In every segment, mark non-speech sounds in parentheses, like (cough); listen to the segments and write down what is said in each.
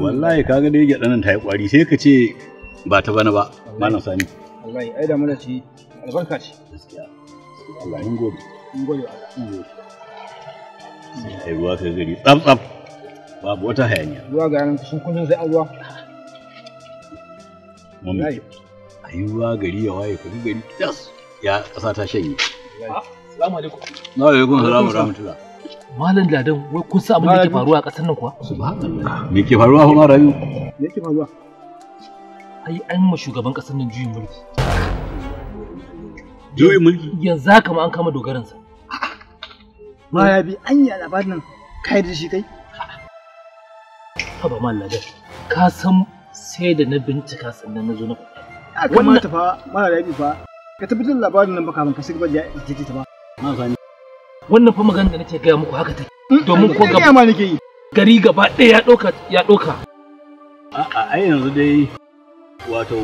wallahi kaga da gyaɗa nan ta yi sai ka ce ba ta bana ba malam sani wallahi ai da mana ce albarka ce gaskiya Allah gode gode Allah sai ruwa kai gari tsaf tsaf babu wata hayaniya ruwa ga nan sun sai ruwa mun ai ruwa gari ya waye kudu gari tas ya ƙasa ta shanye assalamu alaikum wa alaikum assalam wa Malam Ladan wai kun sa abin da yake faruwa a ƙasar nan kuwa? Subhanallah. Me ke faruwa kuma Rabiu? Me ke faruwa? Ai an ma shugaban ƙasar nan juyin mulki. Juyin mulki? Yanzu haka ma an kama dogaransa. Ma ya bi an yi labarin nan kai da shi kai? Haba Malam Ladan, ka san sai da na bincika sannan na zo na faɗa. Ya kamata fa Malam Rabi fa ka tabbatar labarin nan ba kafin ka shiga ba ya ta ba. Na gani. wannan fa magana da nake gaya muku haka take mm, domin ko ga ma nake yi gari gaba ɗaya ya ɗauka ya ɗauka a'a ai yanzu dai wato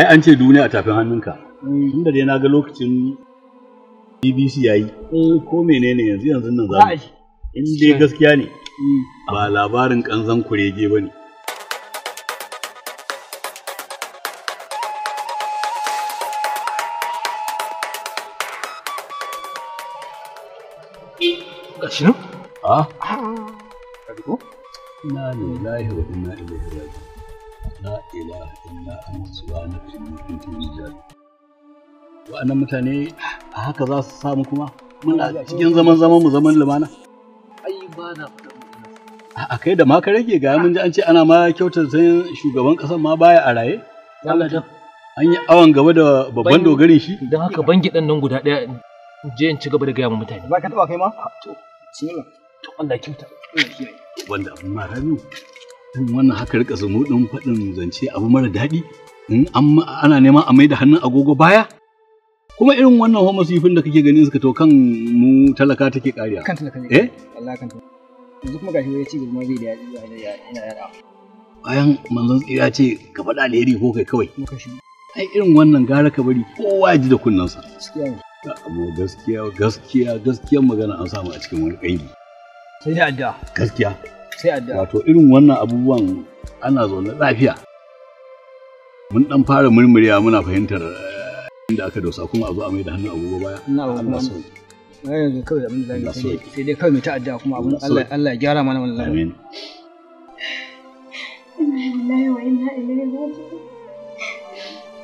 ai an ce duniya a tafin hannunka mm. tunda dai na ga lokacin BBC yayi mm. ko menene yanzu yanzu nan za in dai gaskiya ne ba labarin kanzan kurege ba ne ashirin? a ko? na lillahi wa inna ilaihi raji'un la ilaha illa anta subhanaka inni kuntu minaz zalimin wa'annan mutane a haka za su samu kuma muna cikin zaman zaman mu zaman lumana ai ba na a kai da maka rage ga mun ji an ce ana ma kyautar sayan shugaban kasan ma baya a raye an yi awon gaba da babban dogarin shi don haka bangi ɗan nan guda daya je in ci gaba da gaya wa mutane ba ka taɓa kai ma Ka to Allah kyauta wanda abin ma wannan haka rika faɗin zance abu mara daɗi in ana neman a maida hannun agogo baya kuma irin wannan homo sifin da kake ganin suka to kan mu talaka take kariya kan talaka eh Allah kan yanzu kuma gashi ya ce gurma zai da yana yana bayan manzon ce ka faɗa alheri ko kai kawai ai irin wannan gara ka bari kowa ji da kunnansa gaskiya ne Amma gaskiya gaskiya gaskiyar magana an samu a cikin wani ƙangi. Sai adda. Gaskiya. Sai adda. Wato irin wannan abubuwan ana zaune lafiya. Mun dan fara murmurewa muna fahimtar eh, inda aka dosa kuma a zo a mai da hannun abubuwa baya. Ina ba Allah so. Na yanzu kawai da mun zai mu sai dai kawai mu ta adda kuma abun Allah Allah ya gyara mana wannan lamarin. Amin. Inna lillahi wa inna ilaihi raji'un.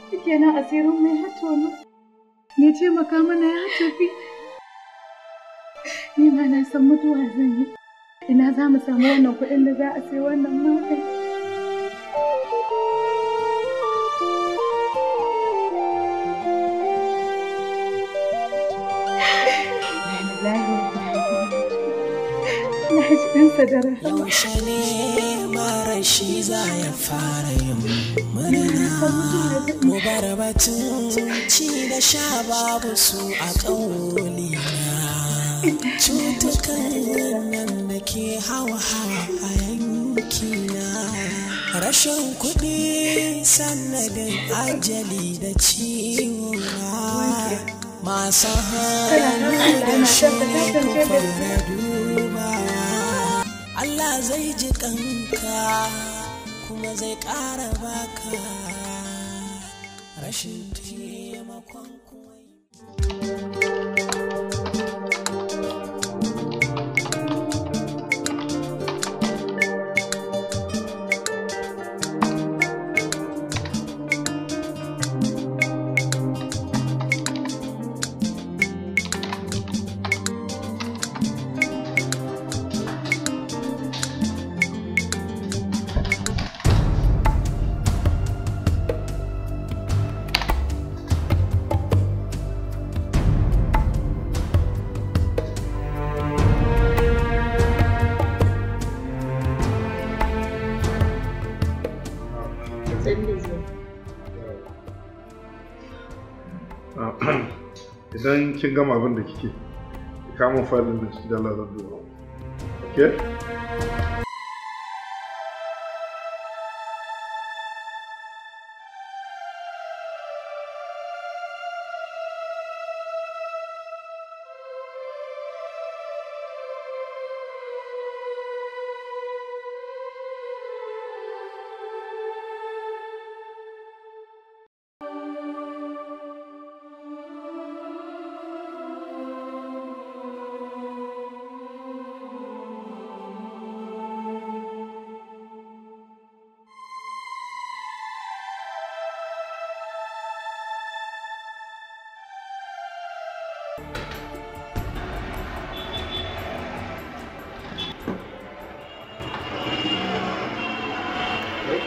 Kike Kenan asirin mai hatto ne. ya makamana mana ya tafi ni ma na san mutuwa zan yi ina za mu samu wannan kuɗin da za a sai wannan matan sa da rahama shi za ya fara yin murna mu bar batun ci da sha babu su a ƙauli cutukan nan da ke hawa a yankina rashin kuɗi sanadin ajali da ciwo masu hannu da shi kufar Allah zai ji kanka kuma zai ƙara baka rashin makon kuma kin gama abin da kike kamun fadin da shi da lazar duwa. Okay?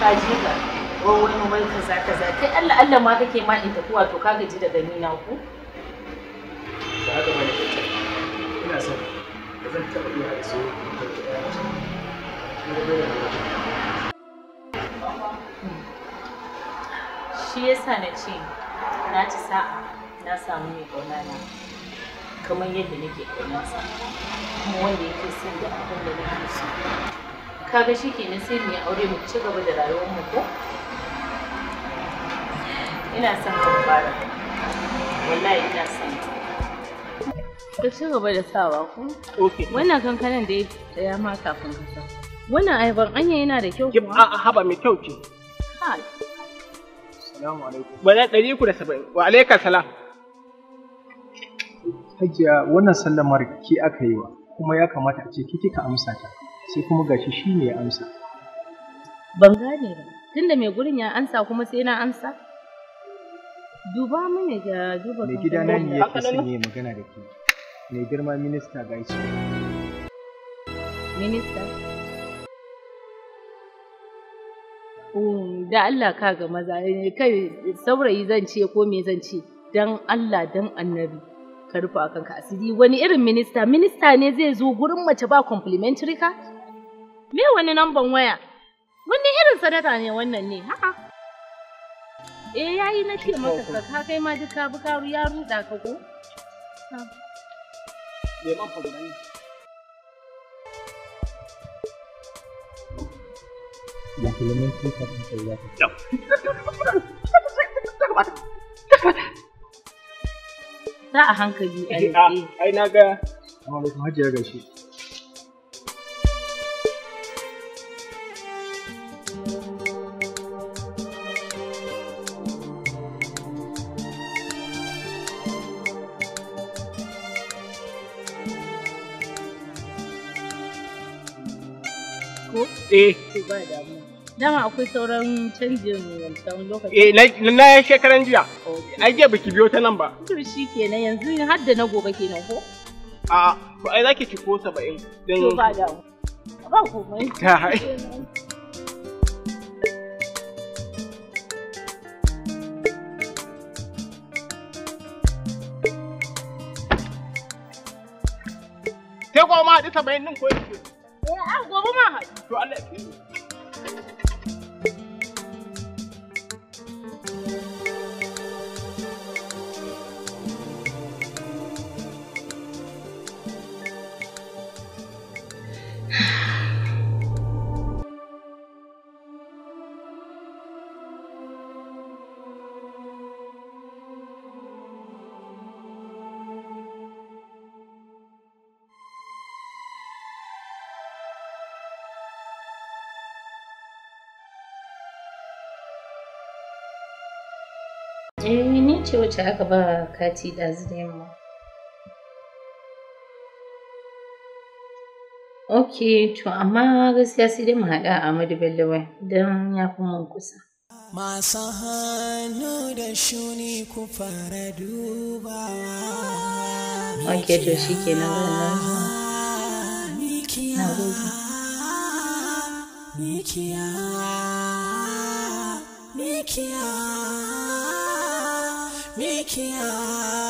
ka ji ka ko wani wai kaza kaza kai Allah Allah ma kake ma in tafi wato ka gaji daga ni na ku ba haka bane ina son zan taɓa iya da su shi yasa na ce na ci sa'a na samu mai kauna na kamar yadda nake sa kuma wanda yake son da abin da nake so kaga shi ke sai mu aure mu ci gaba da rayuwar mu ko ina son ka fara wallahi ina son ka ci gaba da sawa ku wannan kankanan da ya tsaya ma kafin ka sa wannan ayyaban anya yana da kyau kuma a'a haba mai kyau ke. Assalamu alaikum. Bala da saba'in. Wa alaikum salam. Hajiya wannan sallamar ki aka yi wa kuma ya kamata a ce ki kika amsa ta. sai kuma gashi shi ne ya amsa ban gane ba tunda mai gurin ya amsa kuma sai na amsa. duba mini ga duba mai gida na ne fi son yi magana da ke mai girma minista ga shi minista mm, da Allah ka ga maza eh, kai saurayi zan ce ko me zan ce dan Allah dan annabi ka rufe a kanka. asiri wani irin minista minista ne zai zo gurin mace ba complimentary ka Me wani namban waya? Wani irin sadaka ne wannan ne, haka? Eh yayi na ce maka ka kai ma duk ka bi ka ya ruda ka ko? Me ma fa gudan? Ya kuma mun ci ka ta ya ta. Za a hankali a (laughs) ah, Ai na ga. Amma lokacin hajiya gashi. eh ba damu dama akwai sauran canjin wancan lokaci eh na na shekaran jiya ai jiya biki biyo ta nan ba to shikenan yanzu har da na gobe kenan ko a to ai zaki ci ko 70 din to ba damu ba komai ta (laughs) Sai kuma ma a ɗi saba'in ɗin ko yake. 哎，我干嘛？Eh, ni ce wacce aka ba kati ɗazu da yamma. Ok, to amma gaskiya sai dai mu haɗa a Amadu Bello wai don ya fi mun kusa. Masu hannu da shuni ku fara dubawa. Ok, to shi ke nan wannan. Na gode. Mikiya, Mikiya. kiya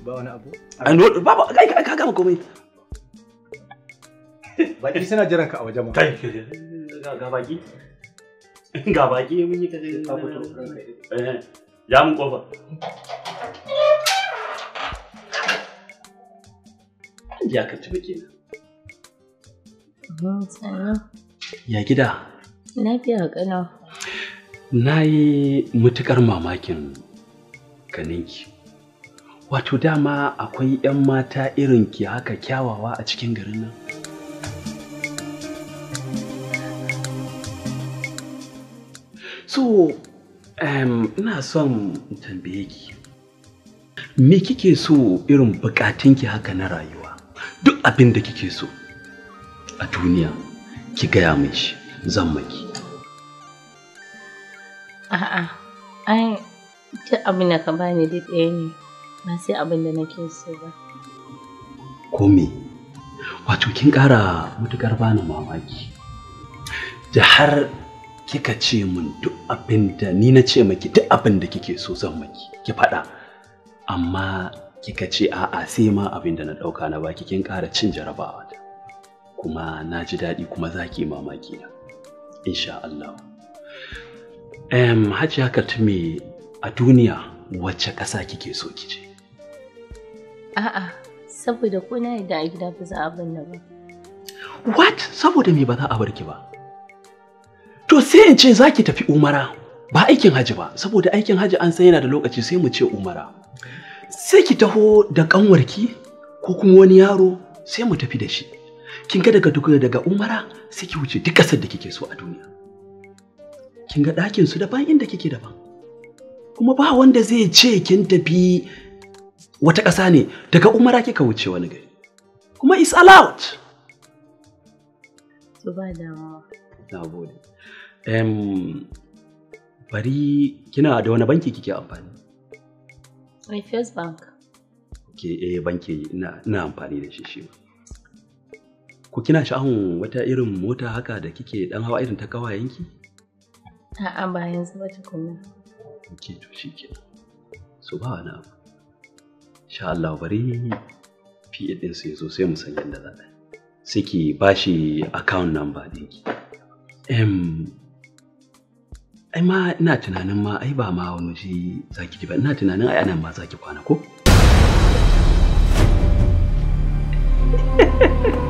ba wani abu a no ba ba kai ka gama komai baki suna jiran ka a wajen mu kai ga baki ga baki mun yi kaje fito eh, ya mun kofa ya ka tuba kenan ya gida na yi matukar mamakin kaninki Wato dama akwai 'yan mata irin ki haka kyawawa a cikin garin nan? So, ina son tambaye ki. Me kike so irin bukatunki haka na rayuwa? Duk abin da kike so a duniya, ki gaya min shi, zan maki. A'a, ai, duk abin da ka bani duk ɗaya ne. Ba sai abin da nake so ba. Ko me? Wato kin ƙara matuƙar bani mamaki. Da har kika ce min duk abin da ni na ce maki duk abin da kike so zan maki ki faɗa. Amma kika ce a'a sai ma abin da na ɗauka na baki kin ƙara cin jarabawa ta. Kuma na ji daɗi kuma za ki mamaki na. Insha Allah. Um, haka tumi a duniya wacce ƙasa kike so kije? A'a, saboda ko na yadda a gida ba za a bar ba. What? Saboda me ba za a bar ki ba? To sai in ce za ki tafi umara ba aikin haji ba, saboda aikin haji an san yana da lokaci sai mu ce umara. Sai ki taho da kanwarki ko kuma wani yaro sai mu tafi da shi. Kin ga daga duka daga umara sai ki wuce duk ƙasar da kike so a duniya. Kin ga ɗakin su daban inda kike daban. Kuma ba wanda zai ce kin tafi wata ƙasa ne daga umara kika wuce wani gari kuma is allowed ba na um, bari kina da wani banki kike amfani my first bank ke eh banki ina amfani da shi shi ku kina sha'awun wata irin mota haka da kike dan hawa irin ta kawayenki a'a ba yanzu ba tukuna Ok, to shi ke so ba wani abu insha Allah bari PA din su yazo sai mu san yadda za a ba bashi account number ki em ai ma ina tunanin ma ai ba ma wani shi zaki ji ba ina tunanin ai anan ma zaki kwana ko (laughs)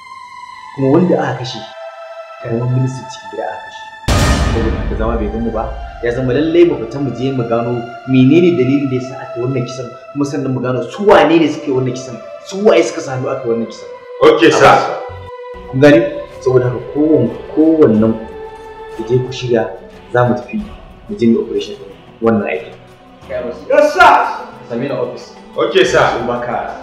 kuma wanda aka kashe karamin ministan cikin gida aka kashe saboda haka zama bai mu ba ya zama lallai mu fita mu je mu gano menene dalilin da yasa aka wannan kisan kuma sannan mu gano su wane ne suke wannan kisan su waye suka samu aka wannan kisan okay sa kun gani saboda haka kowanne kowannan, ku je ku shiga, za mu tafi mu je mu operation wannan aikin yes sir samina office okay sir baka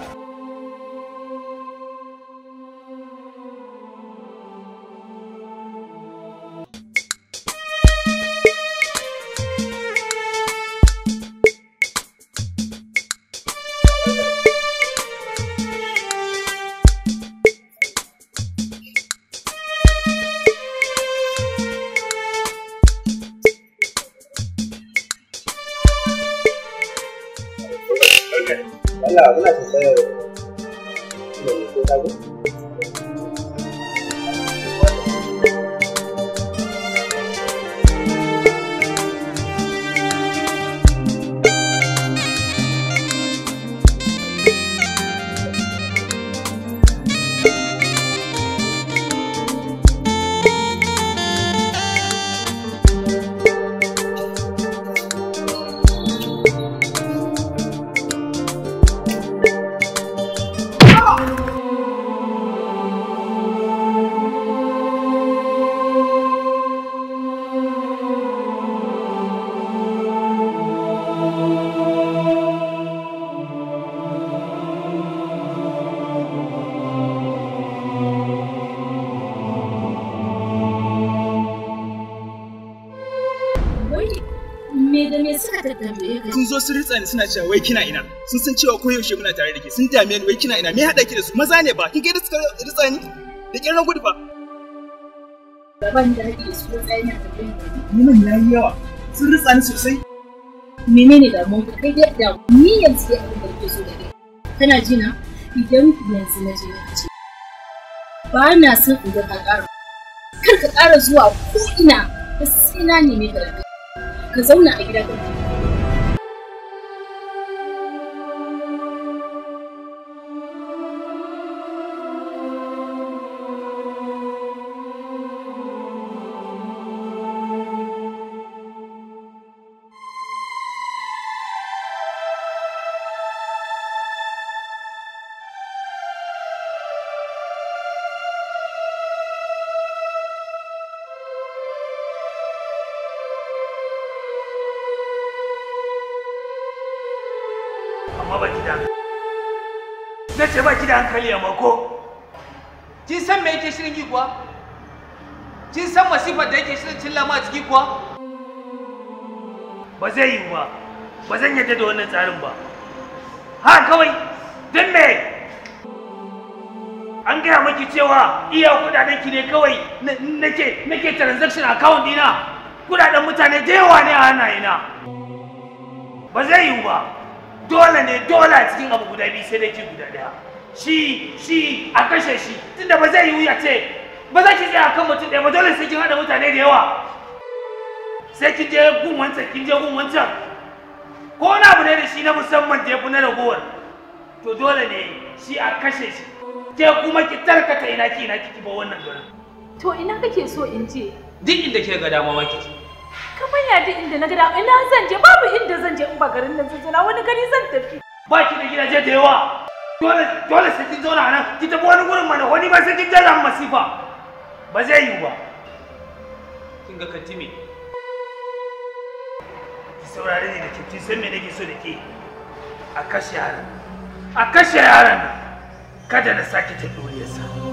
Allah muna tambayar yasa ne suna cewa wai kina ina sun san cewa ko yaushe muna tare da ke sun dame ni wai kina ina me hada ki da su maza ne ba kin ga suka ritsa ni da kin gudu ba ban da haƙi su da tsayin da kai ni mun yawa sun ritsa ni sosai menene da mun kai da da ni yanzu ya abin da kake so da kai kana ji na idan yanzu na je na ce ba na son in ga kakar ƙara kar ka ƙara zuwa ko ina sai na nemi ka ka zauna a gida ka ashe ba ki da hankali a ko kin san me yake shirin yi kuwa kin san masifar da yake shirin cilla ma ciki kuwa ba zai yi ba ba zan yadda da wannan tsarin ba ha kawai don me an gaya maki cewa iya kudaden ki ne kawai nake nake transaction account dina kudaden mutane da yawa ne a hannayena ba zai yi ba dole ne dole a cikin abu guda biyu sai dai ki guda daya shi shi a kashe shi tunda ba zai yi ya ce ba za ki tsaya kan mutum ɗaya ba dole sai kin haɗa mutane da yawa sai kin je gun wancan kin je gun wancan ko wani abu ne da shi na musamman da ya fi na ragowar to dole ne shi a kashe shi ke kuma ki tarkata ina ki ina kiki ba wannan garin to ina kake so in je duk inda ke ga dama ma kike kamar ya duk inda na ga dama ina zan je babu inda zan je in ba garin nan zan wani gari zan tafi ba ki da gidaje da yawa dole dole sai kin zauna nan ki tafi wani gurin mana wani ba sai kin jalla masifa ba zai yi ba kin ga katime ki saurare ni da ke ki san me nake so da ke a kashe yaran a kashe yaran kada na sake ta duniyarsa